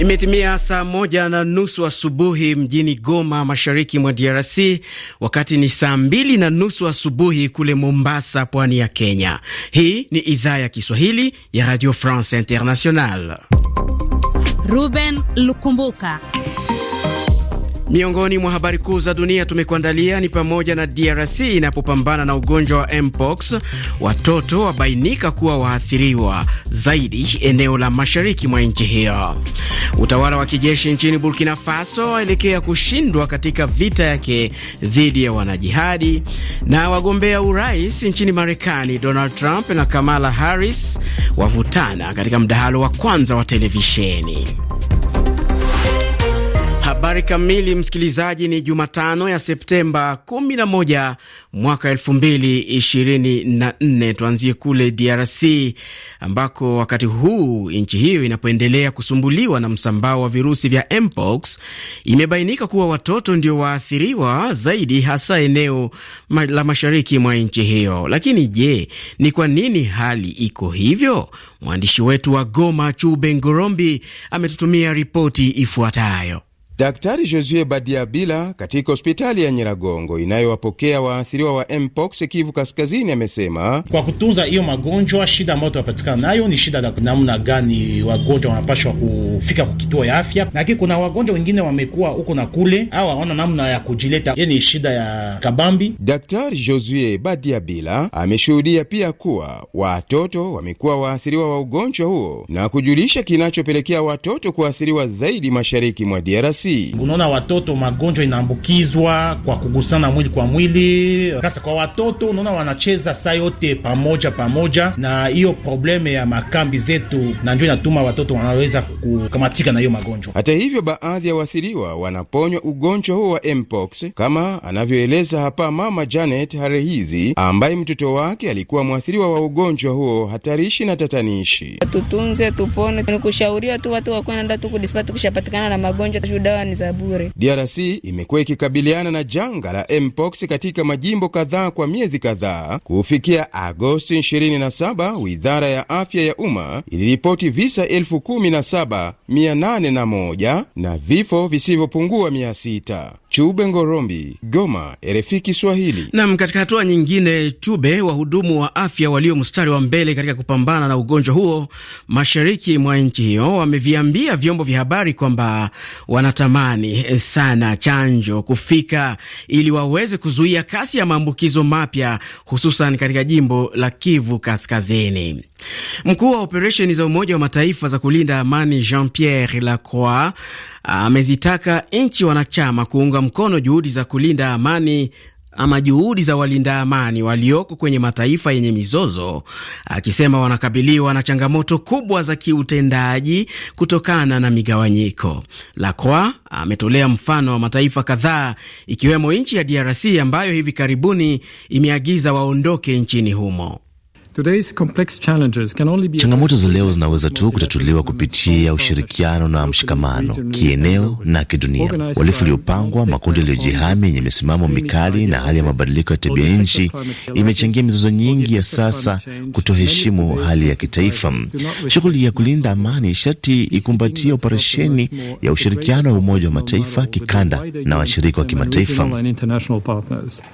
Imetimia saa moja na nusu asubuhi mjini Goma, mashariki mwa DRC, wakati ni saa mbili na nusu asubuhi kule Mombasa, pwani ya Kenya. Hii ni idhaa ya Kiswahili ya Radio France International. Ruben Lukumbuka Miongoni mwa habari kuu za dunia tumekuandalia ni pamoja na DRC inapopambana na ugonjwa wa mpox, watoto wabainika kuwa waathiriwa zaidi eneo la mashariki mwa nchi hiyo. Utawala wa kijeshi nchini Burkina Faso waelekea kushindwa katika vita yake dhidi ya wanajihadi, na wagombea urais nchini Marekani Donald Trump na Kamala Harris wavutana katika mdahalo wa kwanza wa televisheni. Habari kamili, msikilizaji. Ni Jumatano ya Septemba 11 mwaka 2024. Tuanzie kule DRC ambako wakati huu nchi hiyo inapoendelea kusumbuliwa na msambao wa virusi vya mpox, imebainika kuwa watoto ndio waathiriwa zaidi, hasa eneo la mashariki mwa nchi hiyo. Lakini je, ni kwa nini hali iko hivyo? Mwandishi wetu wa Goma, Chube Ngorombi, ametutumia ripoti ifuatayo. Daktari Josue Badiabila katika hospitali ya Nyiragongo inayowapokea waathiriwa wa mpox Kivu Kaskazini amesema kwa kutunza hiyo magonjwa, shida ambayo tunapatikana nayo ni shida la namna gani wagonjwa wanapashwa kufika kwa kituo ya afya, lakini kuna wagonjwa wengine wamekuwa huko na kule au hawana namna ya kujileta. Hiyo ni shida ya kabambi. Daktari Josue Badiabila ameshuhudia pia kuwa watoto wamekuwa waathiriwa wa ugonjwa huo na kujulisha kinachopelekea watoto kuathiriwa zaidi mashariki mwa DRC. Unaona watoto magonjwa inaambukizwa kwa kugusana mwili kwa mwili. Sasa kwa watoto unaona wanacheza saa yote pamoja pamoja, na hiyo probleme ya makambi zetu, na ndio inatuma watoto wanaweza kukamatika na hiyo magonjwa. Hata hivyo, baadhi ya waathiriwa wanaponywa ugonjwa huo wa mpox, kama anavyoeleza hapa mama Janet Harehizi ambaye mtoto wake alikuwa mwathiriwa wa ugonjwa huo hatarishi na tatanishi. Tutunze tupone, nikushauriwa tu watu wakwenda tu kudispa tukushapatikana na magonjwa dawa ni za bure. DRC imekuwa ikikabiliana na janga la mpox katika majimbo kadhaa kwa miezi kadhaa. Kufikia Agosti 27, Wizara ya Afya ya Umma iliripoti visa 17801 na vifo visivyopungua 600. Chube Ngorombi, Goma, RFI Kiswahili. Nam, katika hatua nyingine, Chube, wahudumu wa afya walio mstari wa mbele katika kupambana na ugonjwa huo mashariki mwa nchi hiyo wameviambia vyombo vya habari kwamba wanatamani eh, sana chanjo kufika ili waweze kuzuia kasi ya maambukizo mapya, hususan katika jimbo la Kivu Kaskazini. Mkuu wa operesheni za Umoja wa Mataifa za kulinda amani Jean Pierre Lacroix amezitaka nchi wanachama kuunga mkono juhudi za kulinda amani ama juhudi za walinda amani walioko kwenye mataifa yenye mizozo, akisema wanakabiliwa na changamoto kubwa za kiutendaji kutokana na migawanyiko. Lacroix ametolea mfano wa mataifa kadhaa ikiwemo nchi ya DRC ambayo hivi karibuni imeagiza waondoke nchini humo. Changamoto za leo zinaweza tu kutatuliwa kupitia ushirikiano na mshikamano kieneo na kidunia. Uhalifu uliopangwa, makundi yaliyojihami yenye misimamo mikali na hali ya mabadiliko ya tabia nchi imechangia mizozo nyingi ya sasa, kutoheshimu hali ya kitaifa. Shughuli ya kulinda amani sharti ikumbatia operesheni ya ushirikiano wa Umoja wa Mataifa kikanda na washirika wa kimataifa.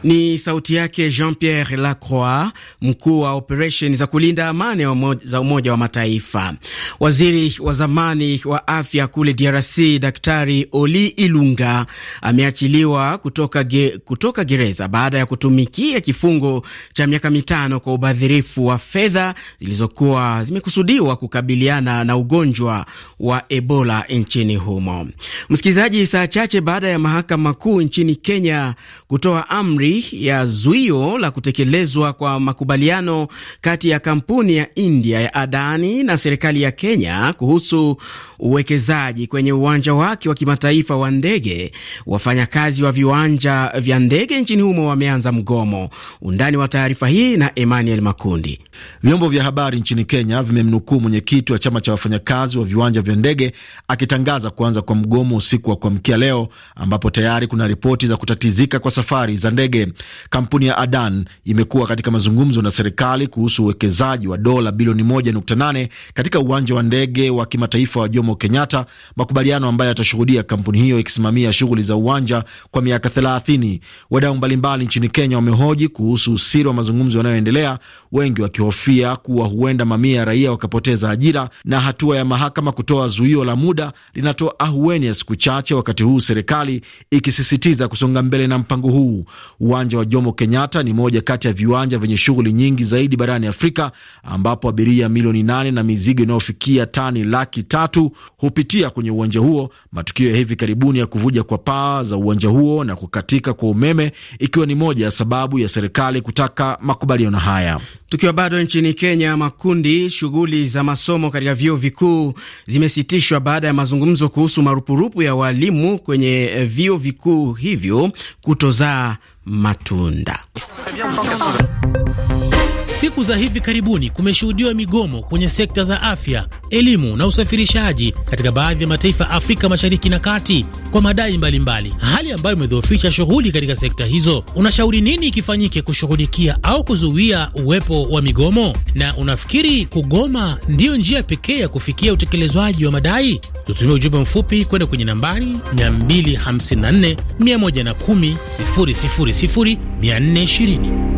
Ni sauti yake Jean Pierre Lacroix, mkuu wa operesheni operesheni za kulinda amani za Umoja wa Mataifa. Waziri wa zamani wa afya kule DRC Daktari Oli Ilunga ameachiliwa kutoka, ge, kutoka gereza baada ya kutumikia kifungo cha miaka mitano kwa ubadhirifu wa fedha zilizokuwa zimekusudiwa kukabiliana na ugonjwa wa Ebola nchini humo. Msikilizaji, saa chache baada ya mahakama kuu nchini Kenya kutoa amri ya zuio la kutekelezwa kwa makubaliano kati ya kampuni ya India ya Adani na serikali ya Kenya kuhusu uwekezaji kwenye uwanja wake wa kimataifa wa ndege. Wafanyakazi wa viwanja vya ndege nchini humo wameanza mgomo. Undani wa taarifa hii na Emmanuel Makundi. Vyombo vya habari nchini Kenya vimemnukuu mwenyekiti wa chama cha wafanyakazi wa viwanja vya ndege akitangaza kuanza kwa mgomo usiku wa kuamkia leo, ambapo tayari kuna ripoti za kutatizika kwa safari za ndege. Kampuni ya Adan imekuwa katika mazungumzo na serikali kuhusu kuhusu uwekezaji wa dola bilioni 1.8 katika uwanja wa ndege wa kimataifa wa Jomo Kenyatta, makubaliano ambayo yatashuhudia kampuni hiyo ikisimamia shughuli za uwanja kwa miaka 30. Wadau mbalimbali nchini Kenya wamehoji kuhusu usiri wa mazungumzo yanayoendelea, wengi wakihofia kuwa huenda mamia ya raia wakapoteza ajira, na hatua ya mahakama kutoa zuio la muda linatoa ahueni ya siku chache, wakati huu serikali ikisisitiza kusonga mbele na mpango huu. Uwanja wa Jomo Kenyatta ni moja kati ya viwanja vyenye shughuli nyingi zaidi barani barani Afrika ambapo abiria milioni nane na mizigo inayofikia tani laki tatu hupitia kwenye uwanja huo. Matukio ya hivi karibuni ya kuvuja kwa paa za uwanja huo na kukatika kwa umeme ikiwa ni moja ya sababu ya serikali kutaka makubaliano haya. Tukiwa bado nchini Kenya, makundi shughuli za masomo katika vyuo vikuu zimesitishwa baada ya mazungumzo kuhusu marupurupu ya walimu kwenye eh, vyuo vikuu hivyo kutozaa matunda. Siku za hivi karibuni kumeshuhudiwa migomo kwenye sekta za afya, elimu na usafirishaji katika baadhi ya mataifa Afrika Mashariki na Kati kwa madai mbalimbali mbali, hali ambayo imedhoofisha shughuli katika sekta hizo. Unashauri nini ikifanyike kushughulikia au kuzuia uwepo wa migomo, na unafikiri kugoma ndiyo njia pekee ya kufikia utekelezwaji wa madai? Tutumie ujumbe mfupi kwenda kwenye nambari 254 110 000 420.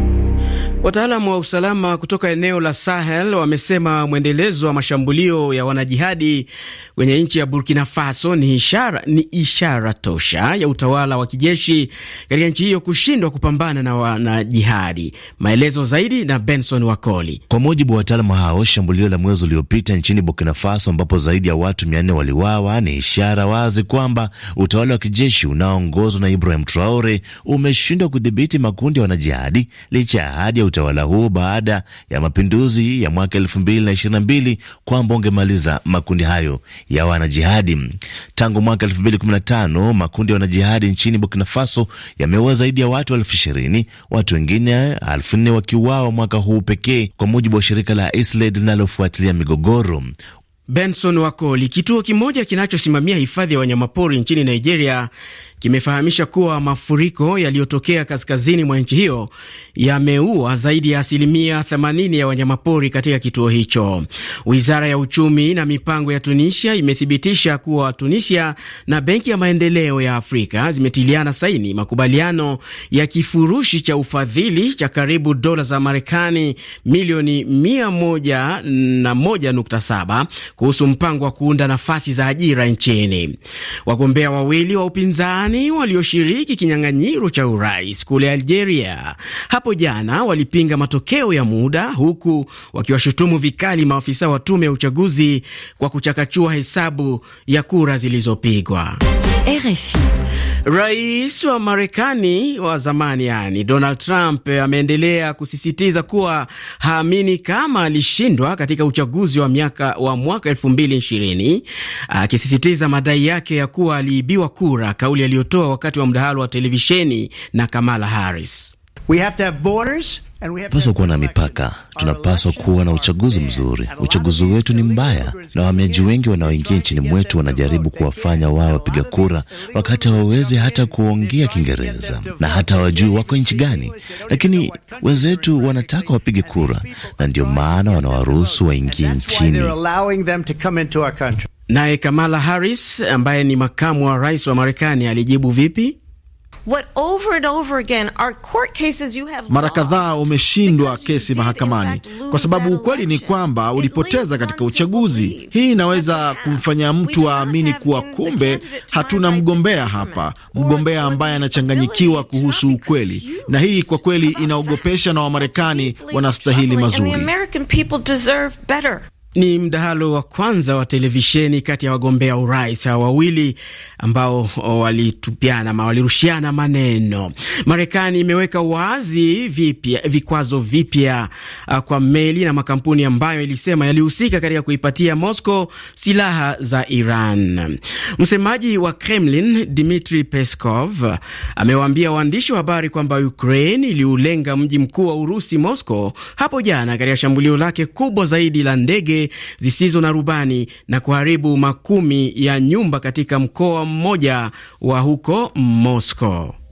Wataalamu wa usalama kutoka eneo la Sahel wamesema mwendelezo wa mashambulio ya wanajihadi kwenye nchi ya Burkina Faso ni ishara, ni ishara tosha ya utawala wa kijeshi katika nchi hiyo kushindwa kupambana na wanajihadi. Maelezo zaidi na Benson Wakoli. Kwa mujibu wa wataalamu hao, shambulio la mwezi uliopita nchini Burkina Faso ambapo zaidi ya watu mia nne waliwawa ni ishara wazi kwamba utawala wa kijeshi unaoongozwa na Ibrahim Traore umeshindwa kudhibiti makundi ya wanajihadi licha ya ahadi utawala huo baada ya mapinduzi ya mwaka elfu mbili na ishirini na mbili kwamba ungemaliza makundi hayo ya wanajihadi. Tangu mwaka elfu mbili kumi na tano makundi ya wanajihadi nchini Burkina Faso yameua zaidi ya watu elfu ishirini watu wengine elfu nne wakiuawa mwaka huu pekee, kwa mujibu wa shirika la ISLED linalofuatilia migogoro. Benson Wakoli. Kituo kimoja kinachosimamia hifadhi ya wanyamapori nchini Nigeria kimefahamisha kuwa mafuriko yaliyotokea kaskazini mwa nchi hiyo yameua zaidi ya asilimia 80 ya wanyamapori katika kituo hicho. Wizara ya uchumi na mipango ya Tunisia imethibitisha kuwa Tunisia na Benki ya Maendeleo ya Afrika zimetiliana saini makubaliano ya kifurushi cha ufadhili cha karibu dola za Marekani milioni 101.7 kuhusu mpango wa kuunda nafasi za ajira nchini. Wagombea wawili wa upinzani upinzani walioshiriki kinyang'anyiro cha urais kule Algeria hapo jana walipinga matokeo ya muda, huku wakiwashutumu vikali maafisa wa tume ya uchaguzi kwa kuchakachua hesabu ya kura zilizopigwa. RFI. Rais wa Marekani wa zamani yani, Donald Trump ameendelea kusisitiza kuwa haamini kama alishindwa katika uchaguzi wa miaka wa mwaka 2020, akisisitiza madai yake ya kuwa aliibiwa kura, kauli aliyotoa wakati wa mdahalo wa televisheni na Kamala Harris. Tunapaswa kuwa na mipaka, tunapaswa kuwa na uchaguzi mzuri. Uchaguzi wetu ni mbaya, na wahamiaji wengi wanaoingia nchini mwetu wanajaribu kuwafanya wao wapiga kura, wakati hawawezi hata kuongea Kiingereza na hata hawajui wako nchi gani. Lakini wenzetu wanataka wapige kura, na ndio maana wanawaruhusu waingie nchini. Naye Kamala Harris ambaye ni makamu wa rais wa Marekani alijibu vipi? Mara kadhaa umeshindwa kesi mahakamani kwa sababu ukweli ni kwamba ulipoteza katika uchaguzi. Hii inaweza kumfanya mtu aamini kuwa kumbe hatuna mgombea hapa, mgombea ambaye anachanganyikiwa kuhusu ukweli, na hii kwa kweli inaogopesha, na Wamarekani wanastahili mazuri. Ni mdahalo wa kwanza wa televisheni kati ya wagombea urais hawa wawili ambao walitupiana ma walirushiana maneno. Marekani imeweka wazi vipya vikwazo vipya uh, kwa meli na makampuni ambayo ilisema yalihusika katika kuipatia Moscow silaha za Iran. Msemaji wa Kremlin dmitri Peskov amewaambia waandishi wa habari kwamba Ukraine iliulenga mji mkuu wa Urusi Moscow hapo jana katika shambulio lake kubwa zaidi la ndege zisizo na rubani na kuharibu makumi ya nyumba katika mkoa mmoja wa huko Moscow.